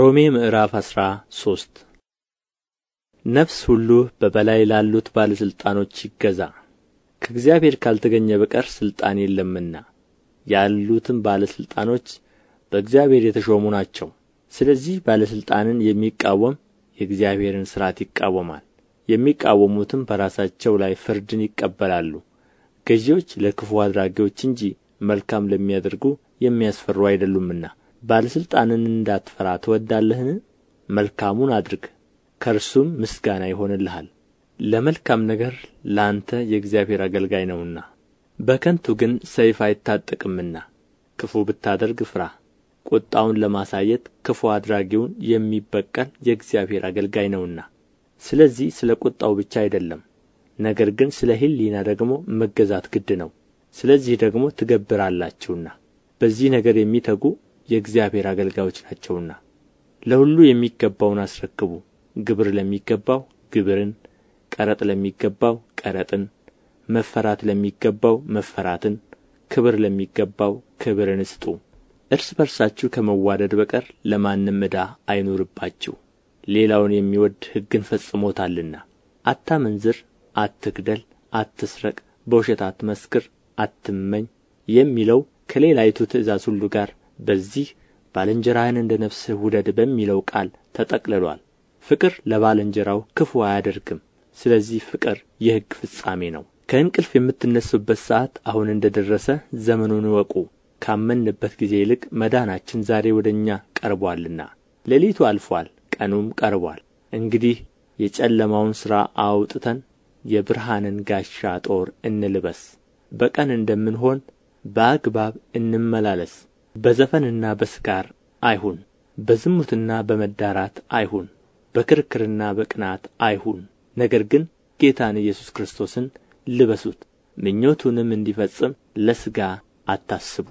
ሮሜ ምዕራፍ አስራ ሶስት ነፍስ ሁሉ በበላይ ላሉት ባለሥልጣኖች ይገዛ ከእግዚአብሔር ካልተገኘ በቀር ሥልጣን የለምና ያሉትም ባለሥልጣኖች በእግዚአብሔር የተሾሙ ናቸው። ስለዚህ ባለሥልጣንን የሚቃወም የእግዚአብሔርን ሥርዓት ይቃወማል፣ የሚቃወሙትም በራሳቸው ላይ ፍርድን ይቀበላሉ። ገዢዎች ለክፉ አድራጊዎች እንጂ መልካም ለሚያደርጉ የሚያስፈሩ አይደሉምና ባለሥልጣንን እንዳትፈራ ትወዳለህን መልካሙን አድርግ ከእርሱም ምስጋና ይሆንልሃል ለመልካም ነገር ለአንተ የእግዚአብሔር አገልጋይ ነውና በከንቱ ግን ሰይፍ አይታጠቅምና ክፉ ብታደርግ ፍራ ቁጣውን ለማሳየት ክፉ አድራጊውን የሚበቀል የእግዚአብሔር አገልጋይ ነውና ስለዚህ ስለ ቁጣው ብቻ አይደለም ነገር ግን ስለ ሕሊና ደግሞ መገዛት ግድ ነው ስለዚህ ደግሞ ትገብራላችሁና በዚህ ነገር የሚተጉ የእግዚአብሔር አገልጋዮች ናቸውና ለሁሉ የሚገባውን አስረክቡ ግብር ለሚገባው ግብርን ቀረጥ ለሚገባው ቀረጥን መፈራት ለሚገባው መፈራትን ክብር ለሚገባው ክብርን ስጡ እርስ በርሳችሁ ከመዋደድ በቀር ለማንም ዕዳ አይኑርባችሁ ሌላውን የሚወድ ሕግን ፈጽሞታልና አታመንዝር አትግደል አትስረቅ በውሸት አትመስክር አትመኝ የሚለው ከሌላይቱ ትእዛዝ ሁሉ ጋር በዚህ ባልንጀራህን እንደ ነፍስህ ውደድ በሚለው ቃል ተጠቅልሏል። ፍቅር ለባልንጀራው ክፉ አያደርግም ስለዚህ ፍቅር የሕግ ፍጻሜ ነው ከእንቅልፍ የምትነሱበት ሰዓት አሁን እንደ ደረሰ ዘመኑን እወቁ ካመንበት ጊዜ ይልቅ መዳናችን ዛሬ ወደ እኛ ቀርቧልና፣ ሌሊቱ አልፏል ቀኑም ቀርቧል። እንግዲህ የጨለማውን ሥራ አውጥተን የብርሃንን ጋሻ ጦር እንልበስ በቀን እንደምንሆን በአግባብ እንመላለስ በዘፈንና በስካር አይሁን በዝሙትና በመዳራት አይሁን በክርክርና በቅናት አይሁን ነገር ግን ጌታን ኢየሱስ ክርስቶስን ልበሱት ምኞቱንም እንዲፈጽም ለሥጋ አታስቡ